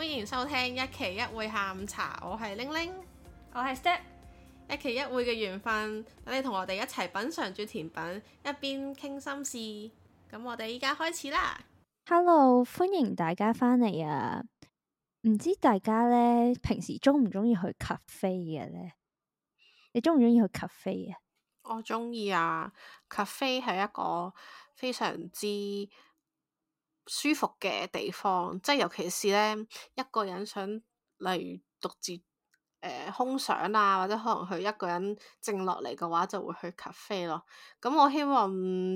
歡迎收聽一期一會下午茶，我係玲玲，我係 Step，一期一會嘅緣分，等你同我哋一齊品嘗住甜品，一邊傾心事。咁我哋依家開始啦。Hello，歡迎大家翻嚟啊！唔知大家呢平時中唔中意去 cafe 嘅呢？你中唔中意去 cafe 啊？我中意啊！cafe 係一個非常之～舒服嘅地方，即係尤其是咧，一個人想，例如獨自誒、呃、空想啊，或者可能佢一個人靜落嚟嘅話，就會去 cafe 咯。咁我希望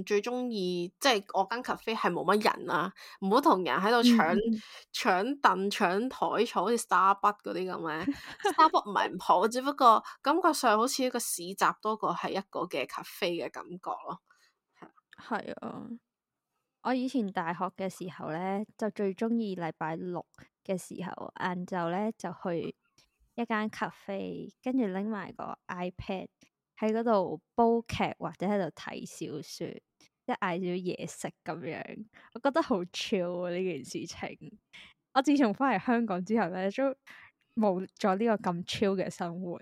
最中意即係我間 cafe 係冇乜人啊，唔好同人喺度搶搶凳、搶台、搶搶坐好似 Starbucks 嗰啲咁咧。Starbucks 唔係唔好，只不過感覺上好似一個市集多過係一個嘅 cafe 嘅感覺咯。係啊。thrive Boo 我以前大學嘅時候咧，就最中意禮拜六嘅時候晏晝咧，就去一間 cafe，跟住拎埋個 iPad 喺嗰度煲劇或者喺度睇小說，即係嗌少嘢食咁樣，我覺得好 chill 呢、啊、件事情。我自從翻嚟香港之後咧，都冇咗呢個咁 chill 嘅生活，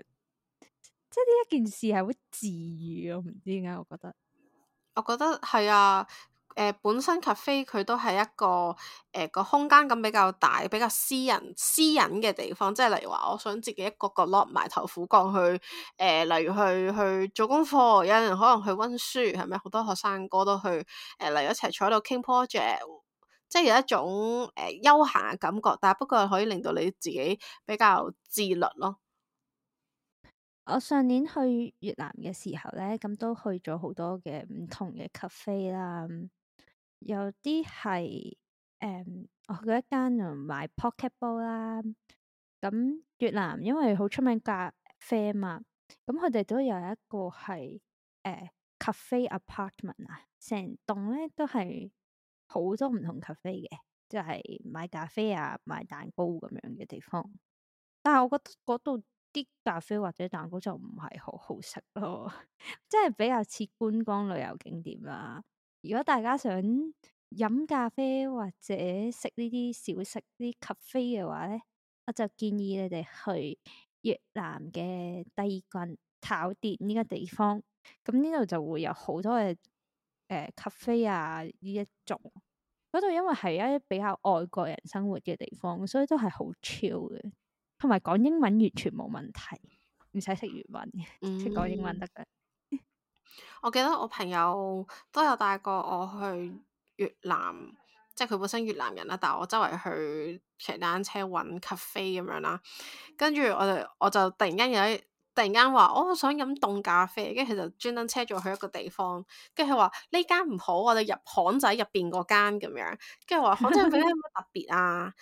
即係呢一件事係好治愈，我唔知點解，我覺得，我覺得係啊。呃、本身 cafe 佢都係一個誒、呃、個空間感比較大、比較私人、私隱嘅地方，即係例如話，我想自己一個角落埋頭苦幹去誒、呃，例如去去做功課，有人可能去温書，係咪？好多學生哥都去誒、呃，例如一齊坐喺度傾 project，即係有一種誒、呃、休閒嘅感覺，但係不過可以令到你自己比較自律咯。我上年去越南嘅時候咧，咁都去咗好多嘅唔同嘅 cafe 啦。有啲係誒，我去一間啊買 Pocketball 啦。咁越南因為好出名咖啡啊嘛，咁佢哋都有一個係誒、呃、Cafe Apartment 啊，成棟咧都係好多唔同咖啡嘅，即、就、係、是、買咖啡啊、買蛋糕咁樣嘅地方。但係我覺得嗰度啲咖啡或者蛋糕就唔係好好食咯，即 係比較似觀光旅遊景點啦、啊。如果大家想飲咖啡或者食呢啲小食啲咖啡嘅話咧，我就建議你哋去越南嘅第二郡考店呢個地方。咁呢度就會有好多嘅誒咖啡啊呢一種。嗰度因為係一啲比較外國人生活嘅地方，所以都係好超嘅，同埋講英文完全冇問題，唔使識越文嘅，識講、嗯、 英文得㗎。我記得我朋友都有帶過我去越南，即係佢本身越南人啦，但係我周圍去騎單車揾咖啡咁樣啦，跟住我就我就突然間有，突然間話我想飲凍咖啡，跟住佢就專登車咗去一個地方，跟住佢話呢間唔好，我哋入巷仔入邊嗰間咁樣，跟住話巷仔入邊有乜特別啊？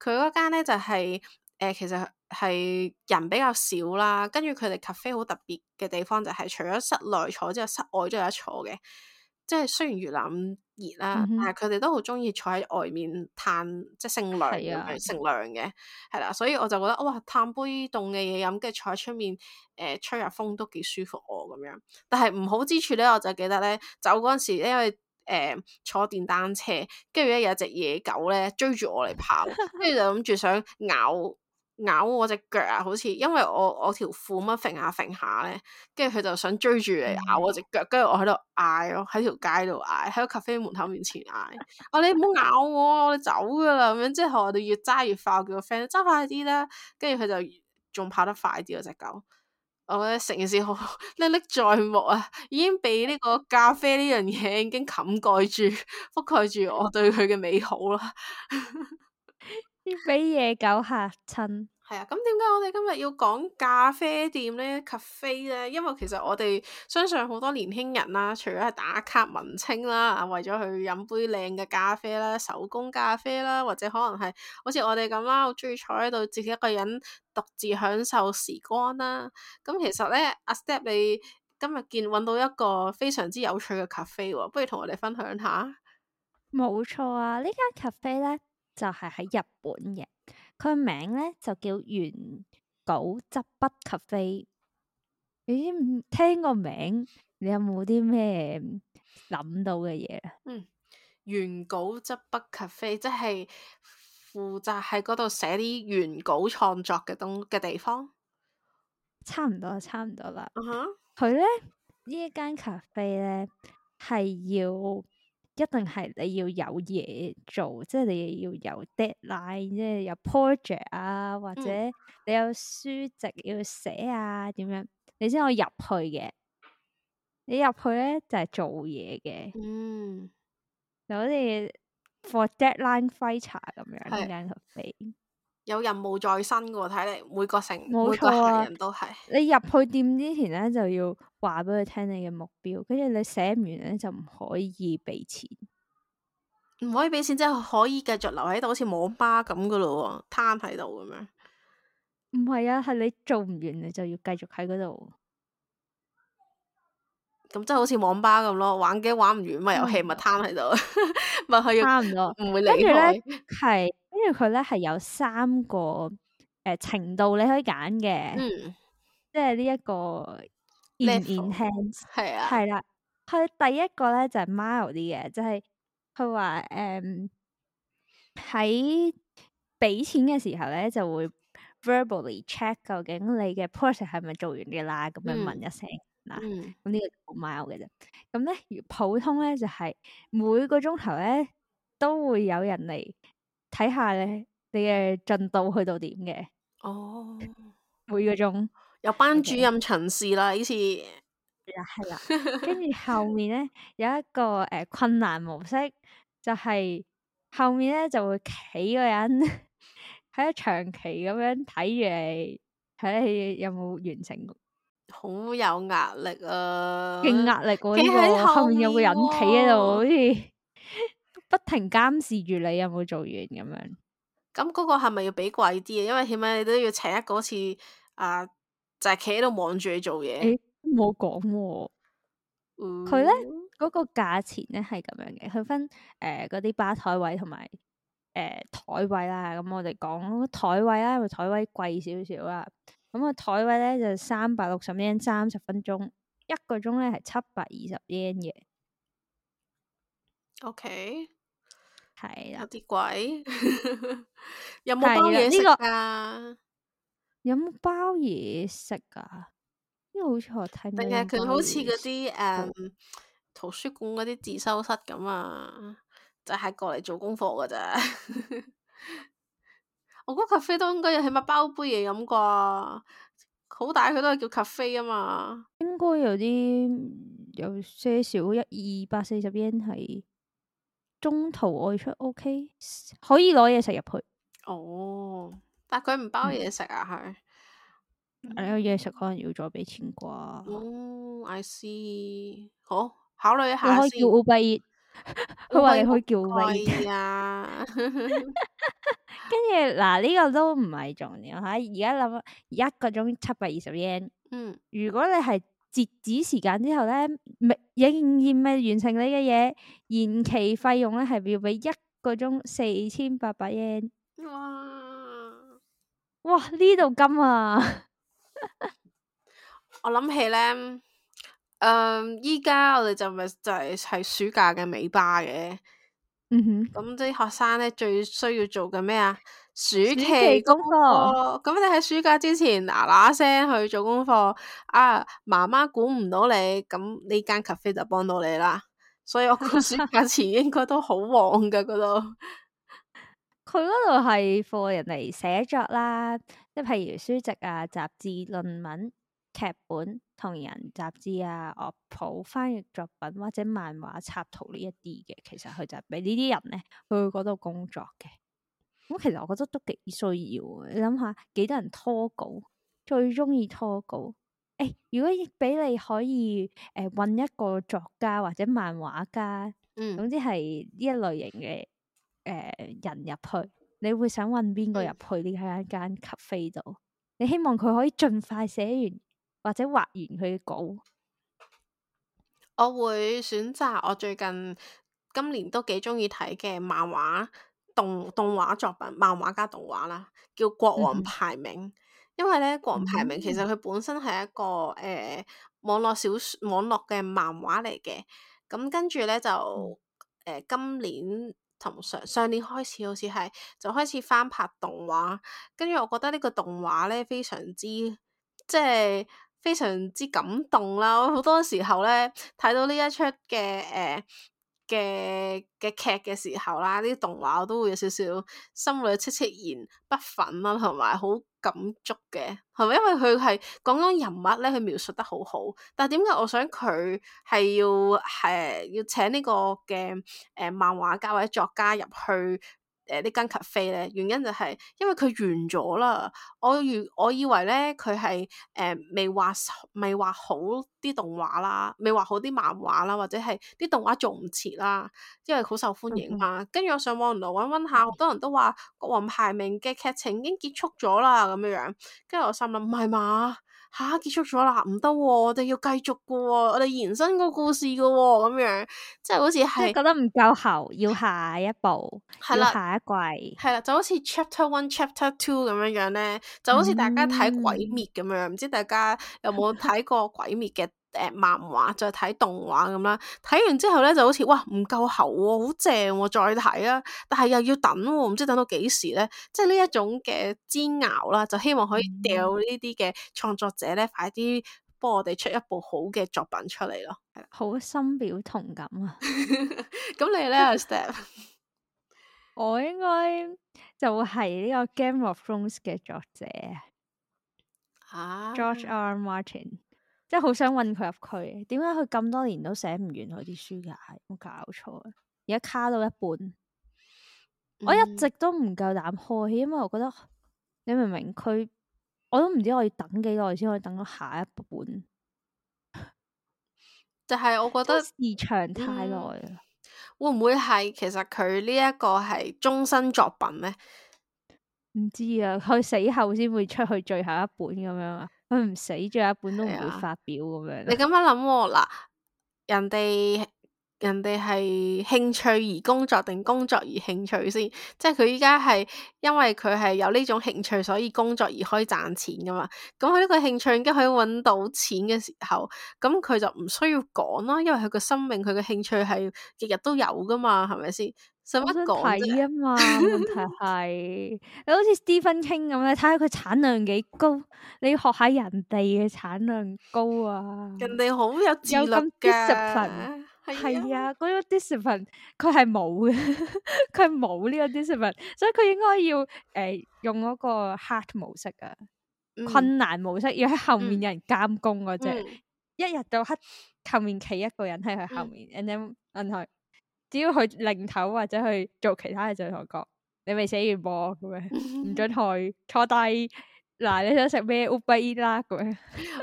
佢嗰間呢就係。誒，其實係人比較少啦，跟住佢哋 cafe 好特別嘅地方就係，除咗室內坐之外，室外都有得坐嘅。即係雖然越南熱啦，嗯、哼但係佢哋都好中意坐喺外面嘆，即係乘涼，乘涼嘅係啦。所以我就覺得哇，嘆杯凍嘅嘢飲，跟住坐喺出面，誒、呃，吹下風都幾舒服哦咁樣。但係唔好之處咧，我就記得咧，走嗰陣時呢，因為誒、呃、坐電單車，跟住咧有隻野狗咧追住我嚟跑跟住 就諗住想咬，咬。咬我隻腳啊！好似因為我我條褲乜揈下揈下咧，跟住佢就想追住你咬我隻腳，跟住我喺度嗌咯，喺條街度嗌，喺個咖啡門口面前嗌，哦、 啊，你唔好咬我，我哋走噶啦咁樣。之後我哋越揸越快，我叫個 friend 揸快啲啦。跟住佢就仲跑得快啲嗰隻狗，我覺得成件事好歷歷在目啊！已經俾呢個咖啡呢樣嘢已經冚蓋住覆蓋住我對佢嘅美好啦，俾野狗嚇親。係啊，咁點解我哋今日要講咖啡店咧？cafe 咧，因為其實我哋相信好多年輕人啦，除咗係打卡文青啦，啊，為咗去飲杯靚嘅咖啡啦，手工咖啡啦，或者可能係好似我哋咁啦，好中意坐喺度自己一個人獨自享受時光啦。咁、嗯、其實咧，阿 Step 你今日見揾到一個非常之有趣嘅 cafe，不如同我哋分享下。冇錯啊，呢間 cafe 咧就係喺日本嘅。佢名咧就叫原稿執筆 cafe。咦，聽個名，你有冇啲咩諗到嘅嘢咧？嗯，原稿執筆 cafe 即係負責喺嗰度寫啲原稿創作嘅東嘅地方。差唔多，差唔多啦。啊哈，佢咧呢一間 cafe 咧係要。一定係你要有嘢做，即係你要有 deadline，即係有 project 啊，或者你有書籍要寫啊，點樣你先可以入去嘅。你入去咧就係做嘢嘅，嗯，就好似 for deadline fighter 咁樣，啱佢飛。有任務在身噶喎，睇嚟每個城、啊、每個人都係你入去店之前咧，就要話俾佢聽你嘅目標，跟住你寫唔完咧就唔可以畀錢，唔可以畀錢，即係可以繼續留喺度，好似網吧咁噶咯，癱喺度咁樣。唔係啊，係你做唔完，你就要繼續喺嗰度。咁即係好似網吧咁咯，玩機玩唔完遊戲，咪遊戲咪癱喺度，咪可以唔會離開係。跟住佢咧係有三個誒、呃、程度你可以揀嘅，嗯、即係呢一個 intense 係啊，係啦。佢第一個咧就係 mile 啲嘅，就係佢話誒喺俾錢嘅時候咧就會 verbally check 究竟你嘅 project 係咪做完嘅啦，咁樣問一聲嗱，咁、嗯嗯嗯、呢個 mile 嘅啫。咁咧普通咧就係、是、每個鐘頭咧都會有人嚟。睇下咧，你嘅進度去到點嘅？哦、oh，每個鐘有班主任巡視啦，好似係啦，跟住 後，後面咧有一個誒困難模式，就係、是、後面咧就會企個人喺 長期咁樣睇住你，睇你有冇完成，好有壓力啊，勁壓力嗰啲喎，後面，後面有個人企喺度，好似。嗯不停監視住你有冇做完咁樣，咁嗰、嗯、個係咪要畀貴啲啊？因為起碼你都要請一個次啊，就係企喺度望住你做嘢。冇講、欸，佢咧嗰個價錢咧係咁樣嘅，佢分誒嗰啲吧台位同埋誒台位啦。咁我哋講台位啦，因為台位貴少少啦。咁個台位咧就三百六十 yen 三十分鐘，一個鐘咧係七百二十 yen 嘅。O K，係啦，有啲鬼！有冇包嘢食噶？有冇包嘢食噶？因為好似我睇到，佢好似嗰啲誒，圖書館嗰啲自修室咁啊，就係、是、過嚟做功課噶咋！ 我覺得咖啡都應該有起碼包杯嘢飲啩，好大佢都係叫咖啡啊嘛。應該有啲有些少一二百四十 yen 係。中途外出 OK，可以攞嘢食入去。哦，但佢唔包嘢食啊，佢有嘢食可能要再俾錢啩。哦，I see，好，考慮一下先。可以叫 Uber，佢話你可以叫 Uber 啊。跟住嗱呢個都唔係重要吓，而家諗一個鐘七百二十 yen。嗯，如果你係。截止時間之後咧，未仍然未完成你嘅嘢，延期費用咧係要俾一個鐘四千八百 yen。哇！哇呢度金啊！ 我諗起咧，誒、呃，依家我哋就咪就係係暑假嘅尾巴嘅。嗯哼。咁啲學生咧最需要做嘅咩啊？暑期功課，咁 你喺暑假之前嗱嗱聲去做功課， 啊，媽媽估唔到你，咁呢間咖啡就幫到你啦。所以我估暑假前應該都好旺噶嗰度。佢嗰度係課人嚟寫作啦，即係譬如書籍啊、雜誌、論文、劇本、同人雜誌啊、樂譜、翻譯作品或者漫畫插圖呢一啲嘅，其實佢就係俾呢啲人咧去嗰度工作嘅。咁其實我覺得都幾需要，你諗下幾多人拖稿，最中意拖稿。誒、欸，如果俾你可以誒搵、呃、一個作家或者漫畫家，嗯，總之係呢一類型嘅誒人入去，你會想搵邊個入去呢？喺一間咖啡度，你希望佢可以盡快寫完或者畫完佢嘅稿。我會選擇我最近今年都幾中意睇嘅漫畫。動動畫作品，漫畫加動畫啦，叫《國王排名》。嗯、哼因為咧，《國王排名》其實佢本身係一個誒、呃、網絡小說、網絡嘅漫畫嚟嘅。咁、嗯嗯、跟住咧就誒今年同上上年開始好，好似係就開始翻拍動畫。跟住，我覺得呢個動畫咧非常之即係非常之感動啦。我好多時候咧睇到呢一出嘅誒。呃嘅嘅劇嘅時候啦，啲動畫我都會有少少心裏戚戚然不忿啦，同埋好感觸嘅，係咪？因為佢係講緊人物咧，佢描述得好好。但係點解我想佢係要係要請呢個嘅誒漫畫家或者作家入去？誒呢間 cafe 咧，原因就係因為佢完咗啦。我如我以為咧，佢係誒未畫未畫好啲動畫啦，未畫好啲漫畫啦，或者係啲動畫做唔切啦，因為好受歡迎嘛。跟住、嗯嗯、我上網度揾揾下，好多人都話《國王排名》嘅劇情已經結束咗啦，咁樣樣。跟住我心諗唔係嘛？吓、啊、結束咗啦，唔得、喎，我哋要繼續噶、喎，我哋延伸個故事噶、喎，咁樣即係好似係覺得唔夠喉，要下一步，係啦的，下一季，係啦，就好似 chapter one、chapter two 咁樣樣咧，就好似大家睇鬼滅咁樣，唔、嗯、知大家有冇睇過鬼滅嘅？ 誒，漫畫就睇、係、動畫咁啦，睇完之後咧就好似哇唔夠喉，好正、哦哦，再睇啦、啊。但係又要等、啊，唔知等到幾時咧。即係呢一種嘅煎熬啦，就希望可以掉呢啲嘅創作者咧，快啲幫我哋出一部好嘅作品出嚟咯。好深表同感啊！咁 你咧，Step， 我應該就係呢個 Game of Thrones 嘅作者啊，George R. Martin。真係好想搵佢入去，點解佢咁多年都寫唔完佢啲書嘅？係冇搞錯啊！而家卡到一半，我一直都唔夠膽開，嗯、因為我覺得你明唔明？佢我都唔知我要等幾耐先可以等到下一本。就係我覺得時長太耐啦、嗯，會唔會係其實佢呢一個係終身作品咧？唔知啊，佢死後先會出去最後一本咁樣啊？佢唔死，最後一半都唔會發表咁的樣。 你咁樣諗嗱，人哋人哋係興趣而工作，定工作而興趣先？即係佢依家係因為佢係有呢種興趣，所以工作而可以賺錢噶嘛？咁佢呢個興趣已經可以搵到錢嘅時候，咁佢就唔需要講啦，因為佢個生命佢個興趣係日日都有噶嘛，係咪先？想睇啊嘛，問題係 你好似 Stephen King 咁咧，睇下佢產量幾高，你要學下人哋嘅產量高啊。人哋好有咁 Discipline。係 dis 啊，嗰、啊嗰個 discipline 佢係冇嘅，佢冇呢個 discipline，所以佢應該要誒、呃、用一個 hard 模式啊，嗯、困難模式，要喺後面有人監工嗰隻，嗯嗯、一日到黑後面企一個人喺佢後面、嗯、and then 跟佢。只要去零頭或者去做其他嘅鏡頭角，你未寫完波嘅咩？唔准去坐低。嗱，你想食咩烏龜啦？咁樣，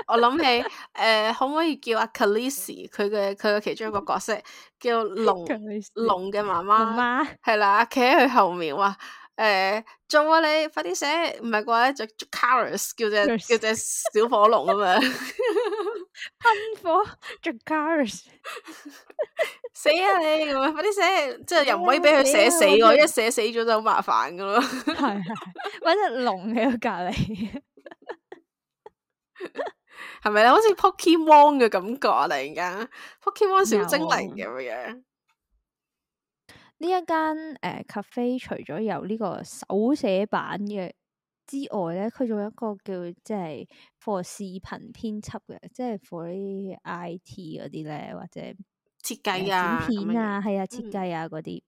我諗起誒，可唔可以叫阿克里斯佢嘅佢嘅其中一個角色叫龍龍嘅媽媽？係啦，企喺佢後面話誒，做、呃、啊你快啲寫，唔係嘅話就 j a r 叫隻叫隻 小火龍咁樣。 噴火 Jaguar 死啊你！咁 快啲寫，即係 又唔可以畀佢寫死， 我們一寫死咗就好麻煩噶咯。 係，搵隻龍喺度隔籬，係咪咧？好似 Pokemon 嘅感覺，啊，突然間 Pokemon 小精靈咁樣。呢一間誒咖啡，呃、é, 除咗有呢個手寫版嘅之外咧，佢仲有一個叫即係 for 視頻編輯嘅，即係 for 啲 IT 啲咧，或者設計啊、剪、呃、片啊，係啊，設計啊啲。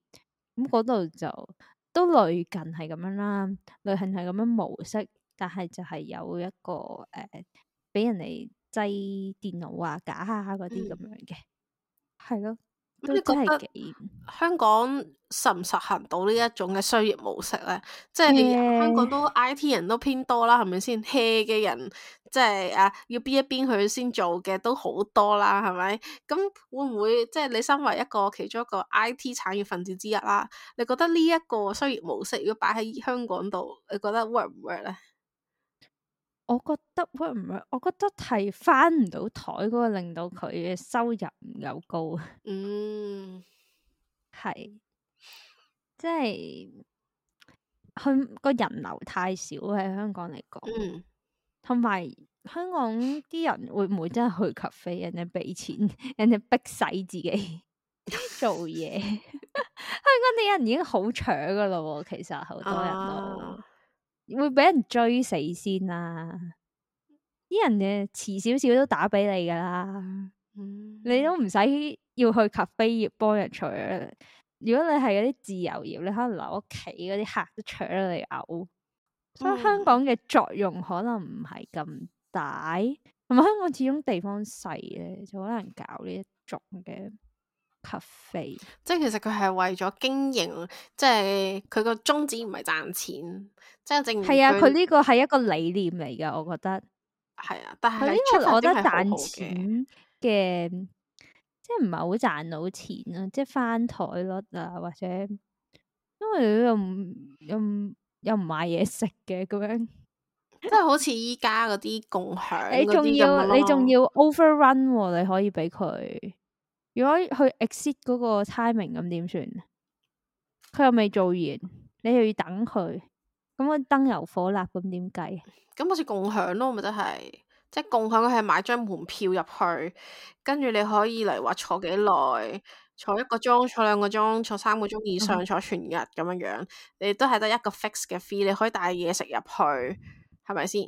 咁度、嗯嗯、就都類近係咁樣啦，類近係咁樣模式，但係就係有一個誒俾、呃、人哋擠電腦啊、假下嗰啲咁樣嘅，係咯、嗯。咁你覺得香港實唔實行到呢一種嘅商業模式咧？Yeah. 即係你香港都 I T 人都偏多啦，係咪先？hea 嘅人即係、即係、啊，要邊一邊佢先做嘅都好多啦，係咪？咁會唔會即係你身為一個其中一個 I T 產業分子之一啦？你覺得呢一個商業模式如果擺喺香港度，你覺得 work 唔 work 咧？我覺得會唔會？我覺得係翻唔到台嗰個，令到佢嘅收入唔夠高。嗯，係，即係佢個人流太少喺香港嚟講。同埋、mm. 香港啲人會唔會真係去咖啡人哋俾錢，人哋逼使自己 做嘢事笑？香港啲人已經好搶噶啦，其實好多人。都。會俾人追死先啦，啊，啲人嘅遲少少都打俾你噶啦，你都唔使要去咖啡業幫人除。如果你係嗰啲自由業，你可能留屋企嗰啲客都除咗你嘔。所以、嗯、香港嘅作用可能唔係咁大，同埋香港始終地方細咧，就好難搞呢一種嘅。咖啡，即係其實佢係為咗經營，即係佢個宗旨唔係賺錢，即係證明係啊。佢呢個係一個理念嚟嘅，我覺得係啊。但係因為我覺得賺錢嘅，即係唔係好賺到錢啊，即係翻台率啊，或者因為又唔又唔又唔買嘢食嘅咁樣，即係好似依家嗰啲共享 你要，你仲要你仲要 overrun，啊，你可以俾佢。如果去 exit 嗰個 timing 咁點算？佢又未做完，你又要等佢，咁個燈油火蠟咁點計？咁好似共享咯，咪真係，即係共享佢係買張門票入去，跟住你可以嚟話坐幾耐，坐一個鐘，坐兩個鐘，坐三個鐘以上，坐全日咁樣樣，嗯、你都係得一個 fixed 嘅 fee，你可以帶嘢食入去，係咪先？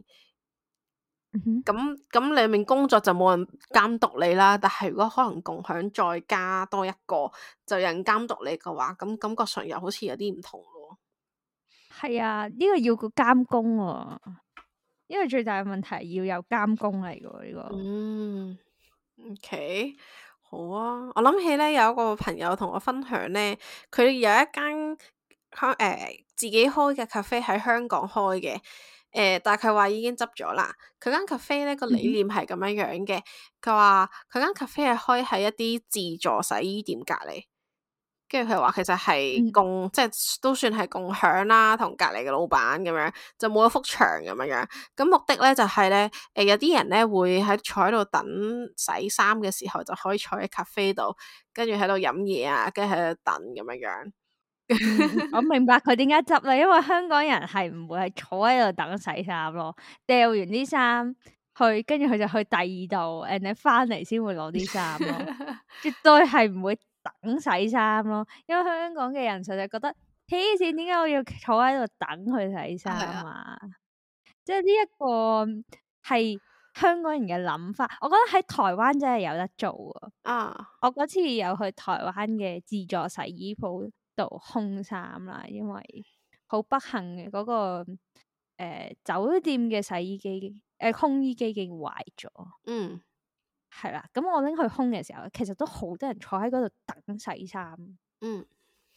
咁咁、嗯、裏面工作就冇人監督你啦，但係如果可能共享再加多一個就有人監督你嘅話，咁感覺上又好似有啲唔同咯。係啊，呢、這個要監工、啊這個監工，因為最大嘅問題係要有監工嚟㗎呢個。嗯，OK，好啊，我諗起咧有一個朋友同我分享咧，佢有一間誒、呃、自己開嘅咖啡喺香港開嘅。誒、呃，但係佢話已經執咗啦。佢間 cafe 咧個理念係咁樣樣嘅。佢話佢間 cafe 係開喺一啲自助洗衣店隔離、嗯，跟住佢話其實係共，即係都算係共享啦。同隔離嘅老闆咁樣，就冇咗幅牆咁樣。咁目的咧就係咧，誒、呃、有啲人咧會喺坐喺度等洗衫嘅時候就可以坐喺 cafe 度，跟住喺度飲嘢啊，跟住喺度等咁樣樣。 嗯、我明白佢點解執啦，因為香港人係唔會係坐喺度等洗衫咯，掉完啲衫去，跟住佢就去第二度，誒，你翻嚟先會攞啲衫咯，絕對係唔會等洗衫咯。因為香港嘅人實在覺得，黐線，點解我要坐喺度等佢洗衫啊？即係呢一個係香港人嘅諗法。我覺得喺台灣真係有得做啊！我嗰次有去台灣嘅自助洗衣鋪。度空衫啦，因為好不幸嘅嗰、那個誒、呃、酒店嘅洗衣機誒烘衣機竟然壞咗，嗯，係啦，咁我拎去空嘅時候，其實都好多人坐喺嗰度等洗衫，嗯，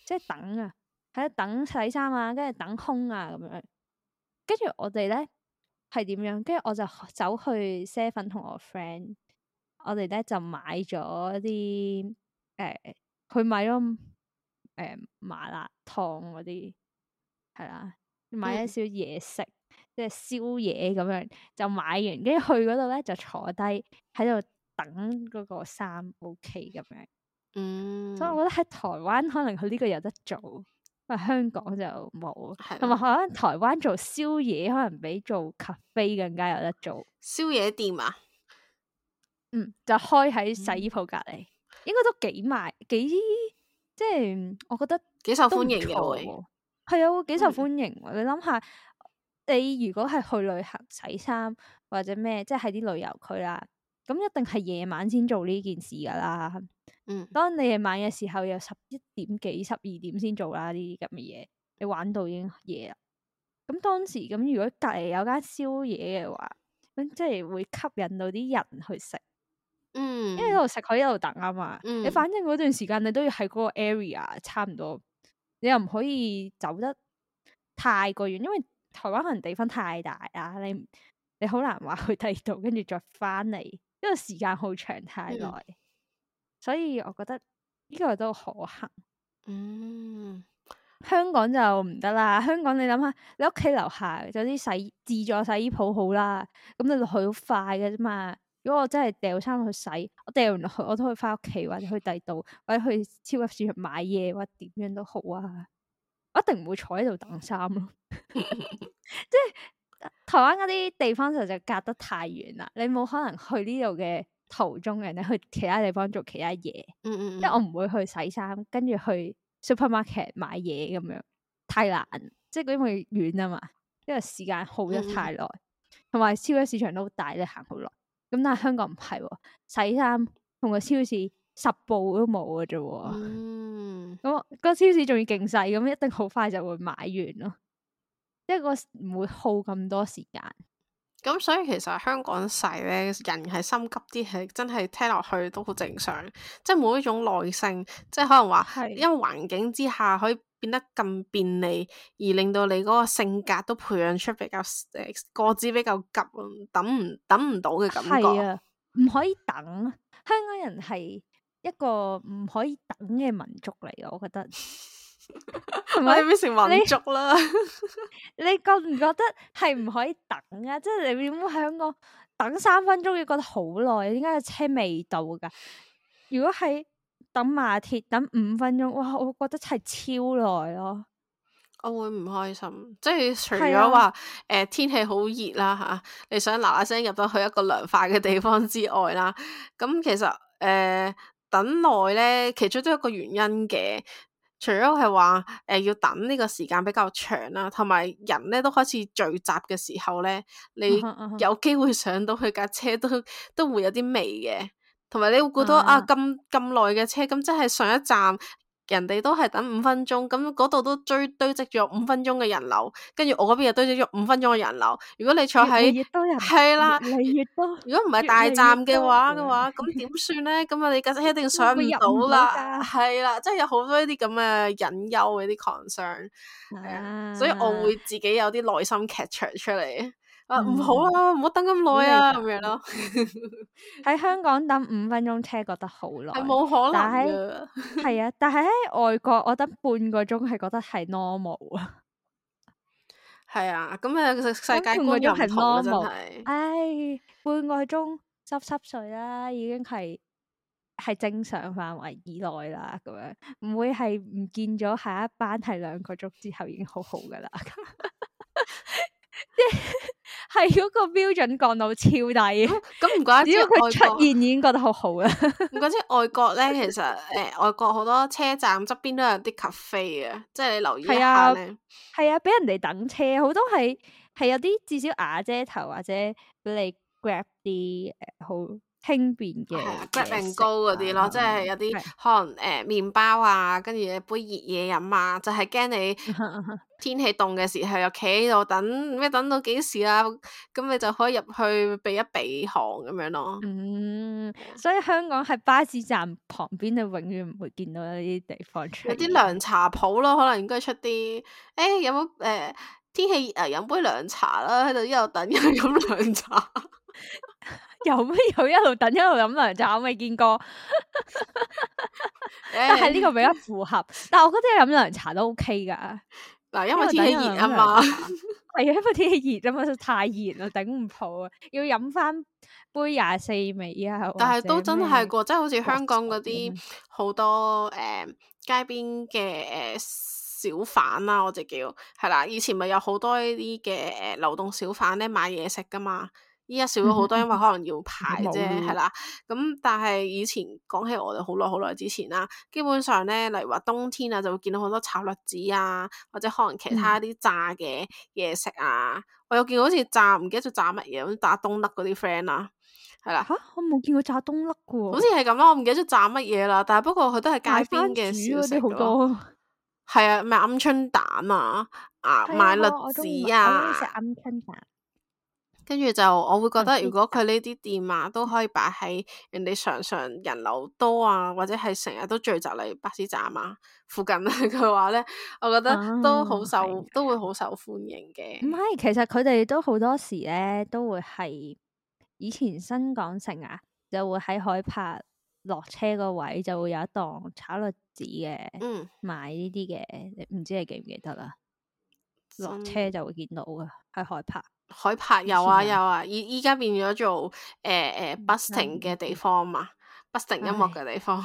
即係等啊，喺度等洗衫啊，跟住等空啊咁樣，跟住我哋咧係點樣？跟住我就走去 seven 同我 friend，我哋咧就買咗啲誒，佢、呃、買咗。誒、嗯，麻辣燙嗰啲係啦，買一少嘢食，嗯、即係宵夜咁樣，就買完跟住去嗰度咧就坐低喺度等嗰個衫，OK 咁樣。嗯，所以我覺得喺台灣可能佢呢個有得做，但係香港就冇，同埋可能台灣做宵夜可能比做 cafe 更加有得做。宵夜店啊？嗯，就開喺洗衣鋪隔籬，嗯、應該都幾賣幾。即係，我覺得幾受歡迎嘅，係啊，會幾 受歡迎。你諗下，你如果係去旅行洗衫或者咩，即係喺啲旅遊區啦，咁一定係夜晚先做呢件事噶啦。嗯，當你夜晚嘅時候，又十一點幾、十二點先做啦，呢啲咁嘅嘢，你玩到已經夜啦。咁當時咁，如果隔籬有間宵夜嘅話，咁即係會吸引到啲人去食。因為喺度食，喺度等啊嘛。 你反正嗰段時間你都要喺嗰個 area 差唔多，你又唔可以走得太過遠，因為台灣可能地方太大啊。你你好難話去第二度，跟住再翻嚟，因為時間好長太耐。 所以我覺得呢個都可行。嗯， 香港就唔得啦。香港你諗下，你屋企樓下有啲洗自助洗衣鋪好啦，咁你去好快嘅啫嘛。如果我真係掉衫去洗，我掉完去我都會翻屋企，或者去第二度，或者去超級市場買嘢，或者點樣都好啊！我一定唔會坐喺度等衫咯、啊。 即係台灣嗰啲地方，就就隔得太遠啦。你冇可能去呢度嘅途中，人咧去其他地方做其他嘢。嗯嗯。因為我唔會去洗衫，跟住去 supermarket 買嘢咁樣，太難。即係因為遠啊嘛，因為時間耗得太耐，同埋、嗯嗯、超級市場都好大，你行好耐。咁但係香港唔係，喎，洗衫同個超市十步都冇嘅啫。咁個、mm. 嗯、超市仲要勁細，咁一定好快就會買完咯，即係個唔會耗咁多時間。咁所以其實香港細咧，人係心急啲，係真係聽落去都好正常，即係冇呢種耐性，即係可能話，因為環境之下可以變得咁便利，而令到你嗰個性格都培養出比較誒個子比較急，等唔等唔到嘅感覺，係啊，唔可以等，香港人係一個唔可以等嘅民族嚟嘅，我覺得。 唔可以變成民族啦！你覺唔覺得係唔可以等啊？即係 你會唔會響個等三分鐘，要覺得好耐，點解個車未到噶？如果係等馬鐵等五分鐘，哇！我覺得係超耐咯，我會唔開心。即係除咗話誒天氣好熱啦吓、啊，你想嗱嗱聲入到去一個涼快嘅地方之外啦，咁其實誒、呃、等耐咧，其中都有一個原因嘅。除咗係話，誒、呃，要等呢個時間比較長啦，同埋人咧都開始聚集嘅時候咧，你有機會上到去架車都都會有啲味嘅，同埋你會覺得啊，咁咁耐嘅車，咁即係上一站。人哋都係等五分鐘，咁嗰度都堆堆積咗五分鐘嘅人流，跟住我嗰邊又堆積咗五分鐘嘅人流。如果你坐喺，係啦，越越越多如果唔係大站嘅話嘅話，咁點算咧？咁啊， 你一定上唔到啦。係啦，即係有好多呢啲咁嘅隱憂嗰啲 concern，係啊，所以我會自己有啲內心劇場出嚟。啊，唔、嗯、好啦，唔好等咁耐啊，咁樣咯。喺 香港等五分鐘車覺得好耐，冇可能係是 啊，但係喺外國，我等半個鐘係覺得係 normal 啊。係啊，咁啊，世界半個鐘係 normal。唉、哎，半個鐘濕濕碎啦，已經係係正常範圍以內啦。咁樣唔會係唔見咗下一班，係兩個鐘之後已經好好噶啦。即係。 係嗰個標準降到超低，咁唔、哦、怪之。只要佢出現國已經覺得好好啦。唔怪之外國咧， 其實誒、呃、外國好多車站側邊都有啲 cafe 啊，即係你留意一下咧。係啊，俾呢、啊、人哋等車好多係係有啲至少瓦遮頭或者俾你 grab 啲、呃、好。輕便嘅質量高嗰啲咯，即係有啲是可能誒、呃、麵包啊，跟住一杯熱嘢飲啊，就係、是、驚你 天氣凍嘅時候又企喺度等咩？等到幾時啊？咁你就可以入去避一避寒咁樣咯、啊。嗯，所以香港喺巴士站旁邊，你永遠唔會見到一啲地方出有啲涼茶鋪咯，可能應該出啲誒、欸，有冇、呃、天氣熱啊？飲杯涼茶啦，喺度一度等飲涼茶。 有咩？有一路等，一路飲涼茶，我未見過。 但係呢個比較符合，但我覺得飲涼茶都 OK 噶。嗱，因為天氣熱啊嘛，係啊，因為天氣熱啊嘛，太熱啦，頂唔住啊，要飲翻杯廿四味啊。但係都真係過，即係好似香港嗰啲好多誒街邊嘅誒小販啦，我就叫係啦。以前咪有好多呢啲嘅誒流動小販咧買嘢食噶嘛。依家、yeah，少咗好多，因為可能要排啫，係啦、嗯。咁但係以前講起我哋好耐好耐之前啦，基本上咧，例如話冬天啊，就會見到好多炒栗子啊，或者可能其他啲炸嘅嘢食啊。我有見到好似炸唔記得咗炸乜嘢咁炸冬甩嗰啲 friend 啊，係啦。吓，我冇見過炸冬甩嘅喎。好似係咁啦，我唔記得咗炸乜嘢啦。但係不過佢都係街邊嘅小食好多係啊，賣鵪鶉蛋啊，鴨、啊、買栗子啊，鵪鶉蛋。跟住就，我會覺得如果佢呢啲店啊，都可以擺喺人哋常常人流多啊，或者係成日都聚集嚟巴士站啊附近，佢話咧，我覺得都好受，都會好受歡迎嘅。唔係，其實佢哋都好多時咧，都會係以前新港城啊，就會喺海柏落車個位就會有一檔炒栗子嘅，賣呢啲嘅，你唔知你記唔記得啦？落真車就會見到噶，喺海柏。海柏有啊有啊。而依家變咗做誒誒、呃呃、busting 嘅地方啊嘛，busting 音樂嘅地方。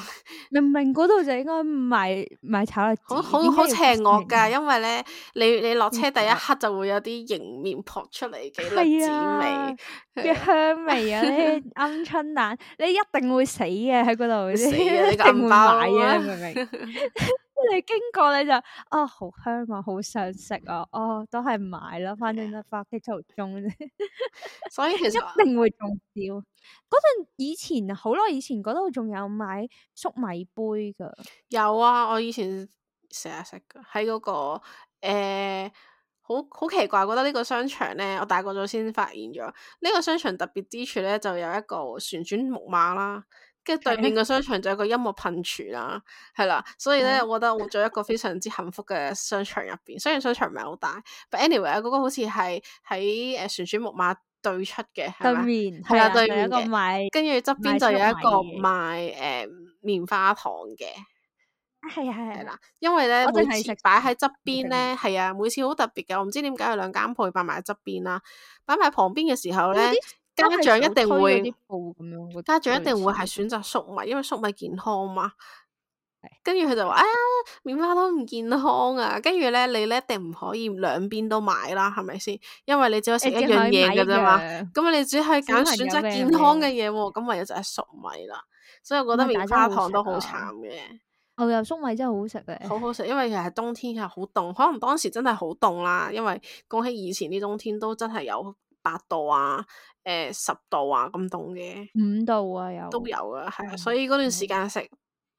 明明？嗰度就應該唔賣炒栗子，好好很邪惡㗎，因為咧你你落車第一刻就會有啲迎面撲出嚟嘅栗子味，嘅、啊、 香味啊，啲鵪鶉蛋， 你一定會死嘅喺嗰度，一定會買啊！買明唔明，明？ 你經過你就啊、哦、好香啊，好想食啊，哦都係買咯，反正喺屋企中中啫，所以其實 一定會中招。嗰陣以前好耐以前，覺得仲有買粟米杯噶，有啊，我以前成日食㗎，喺嗰、那個誒好好奇怪，覺得呢個商場咧，我大個咗先發現咗，呢、這個商場特別之處咧，就有一個旋轉木馬啦。跟住對面個商場就有一個音樂噴泉啦、啊，係啦， 所以咧， 我覺得活在一個非常之幸福嘅商場入邊。雖然商場唔係好大，but anyway 嗰個好似係喺誒旋轉木馬對出嘅，係嘛？係啊面，對面。有一跟住側邊就有一個賣誒、呃、棉花糖嘅。係啊係啊，因為咧其實擺喺側邊咧，係啊，每次好的特別嘅。我唔知點解有兩間鋪擺埋喺側邊啦，擺埋喺旁邊嘅時候咧。 家長一定會家長一定會係選擇粟米，因為粟米健康嘛。跟住佢就話，哎呀，棉花糖唔健康啊！跟住咧，你咧一定唔可以兩邊都買啦，係咪先？因為你只可以食一樣嘢噶啫嘛。咁啊，你只可以揀選擇健康嘅嘢啊。咁唯有就係粟米啦。所以我覺得棉花糖都好慘嘅。牛油粟米真係好好食嘅，好好食。因為其實冬天係好凍，可能當時真係好凍啦。因為講起以前啲冬天都真係有。八度啊，誒十度啊咁凍嘅，五度啊有都有啊，係啊，所以嗰段時間食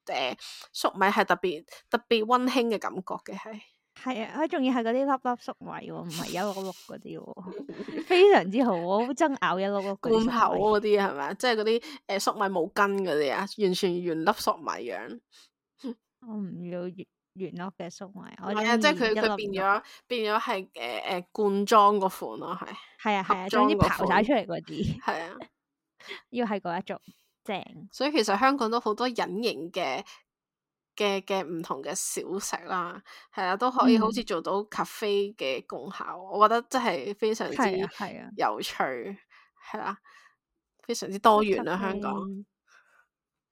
誒粟米係特別特別溫馨嘅感覺嘅係係啊，佢仲要係嗰啲粒粒粟米喎，唔係一碌碌嗰啲喎，非常之好，好爭拗一碌碌罐口嗰啲係咪啊？即係嗰啲誒粟米冇根嗰啲啊，完全圓粒粟米樣。我唔要圓圓碌嘅粟米，唔係啊，即係佢佢變咗變咗係誒誒罐裝嗰款咯，係。係啊，係啊，總之刨晒出嚟嗰啲，係啊，要係嗰一種正。所以其實香港都好多隱形嘅嘅嘅唔同嘅小食啦，係啊，都可以好似做到 cafe 嘅功效，嗯、我覺得真係非常之係啊有趣，係啦、啊啊啊，非常之多元啊香港。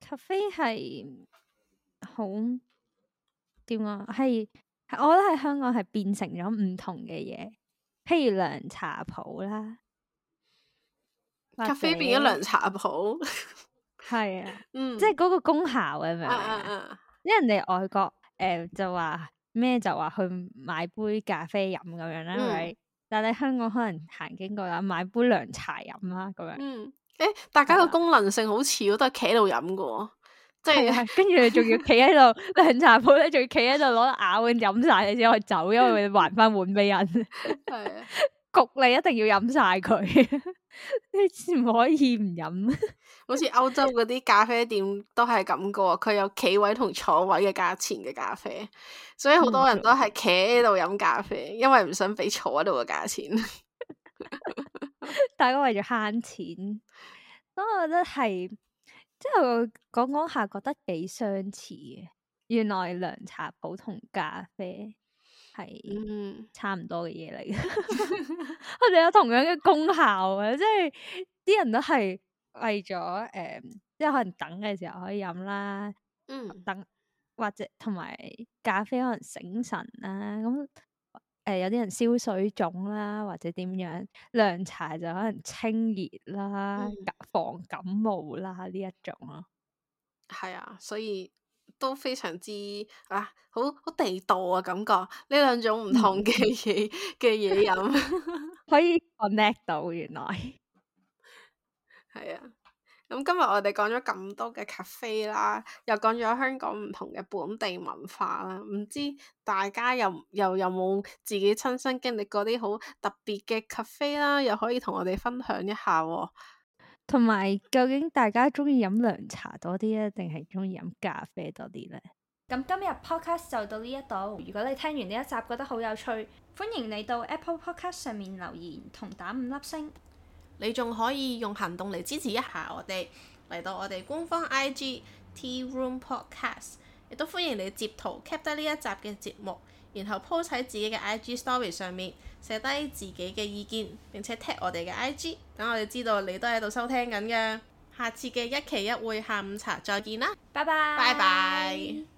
咖啡係好點啊？係，我覺得喺香港係變成咗唔同嘅嘢。譬如涼茶鋪啦，咖啡變咗涼茶鋪係 啊，嗯，即係嗰個功效係咪，明唔明？因為人哋外國誒、呃、就話咩就話去買杯咖啡飲咁樣啦，係咪、嗯？但係香港可能行經過啦，買杯涼茶飲啦咁樣。嗯，誒、欸，大家個功能性好似都係企喺度飲嘅。嗯係跟住仲要企喺度涼茶鋪咧，仲要企喺度攞個瓦碗飲晒，你先可以走，因為要還翻碗俾人。係 焗你一定要飲晒佢， 你唔可以唔飲。好似歐洲嗰啲咖啡店都係咁噶，佢 有企位同坐位嘅價錢嘅咖啡，所以好多人都係企喺度飲咖啡，因為唔想畀坐喺度嘅價錢。大 家 為咗慳錢，所以我覺得係。即係講講下，覺得幾相似嘅。原來涼茶鋪同咖啡係差唔多嘅嘢嚟，佢哋、嗯、 有同樣嘅功效啊、 嗯！即係啲人都係為咗誒，即係可能等嘅時候可以飲啦。嗯，等或者同埋咖啡可能醒神啦。咁。誒、呃，有啲人消水腫啦，或者點樣涼茶就可能清熱啦、嗯、防感冒啦呢一種咯、啊，係啊，所以都非常之啊，好好地道啊感覺呢兩種唔同嘅嘢嘅嘢飲可以 connect 到，原來係啊。咁今日我哋講咗咁多嘅咖啡啦，又講咗香港唔同嘅本地文化啦，唔知大家有又又又冇自己親身經歷過啲好特別嘅咖啡啦，又可以同我哋分享一下。同埋，究竟大家中意飲涼茶多啲啊，定係中意飲咖啡多啲呢？咁今日 Podcast 就到呢一度，如果你聽完呢一集覺得好有趣，歡迎你到 Apple Podcast 上面留言同打五粒星。你仲可以用行動嚟支持一下我哋，嚟到我哋官方 IG Tea Room Podcast，亦都歡迎你截圖 cap 低呢一集嘅節目，然後 po 喺自己嘅 IG Story 上面寫低自己嘅意見，並且 tag 我哋嘅 IG，等我哋知道你都喺度收聽緊嘅。下次嘅一期一會下午茶再見啦，拜拜，拜拜。